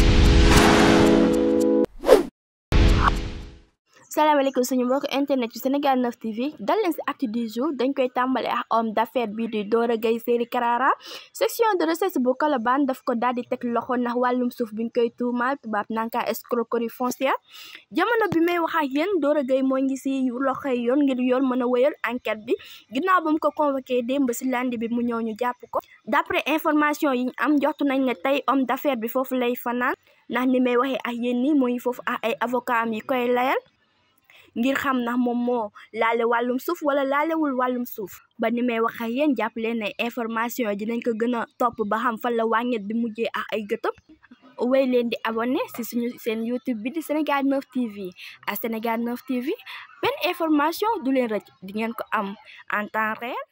you salaamaaleykum suñu mbokk internet yu Sénégal 9 TV dal leen si actu du dañ koy tàmbali ak homme d'affaires bii di doora gay Seeri Karara section de recherche bu Colobane daf ko daal di teg loxo ndax wàllum suuf biñ koy tuumaal tubaab nanka escroquerie foncière jamono bi may wax ak yéen Doro Gueye moo ngi si loxoy yoon ngir yoon mën a wéyal enquête bi ginnaaw ba mu ko convoqué démb si lundi bi mu ñëw ñu jàpp ko d'après information yi ñu am joxtu nañ ne tey homme d'affaires bi foofu lay fanaan ndax ni may waxee ak yéen nii mooy foofu ak ay avocat yi koy layal ngir xam ndax moom moo laale wàllum suuf wala laalewul wàllum suuf ba ni may wax ak yéen jàpp leen ne information yi dinañ ko gën a topp ba xam fan la wàññet bi mujjee ak ay gëtëm wéy leen di abonné si suñu seen YouTube bi di Sénégal 9 TV à Sénégal 9 TV benn information du leen rëcc di ngeen ko am en temps réel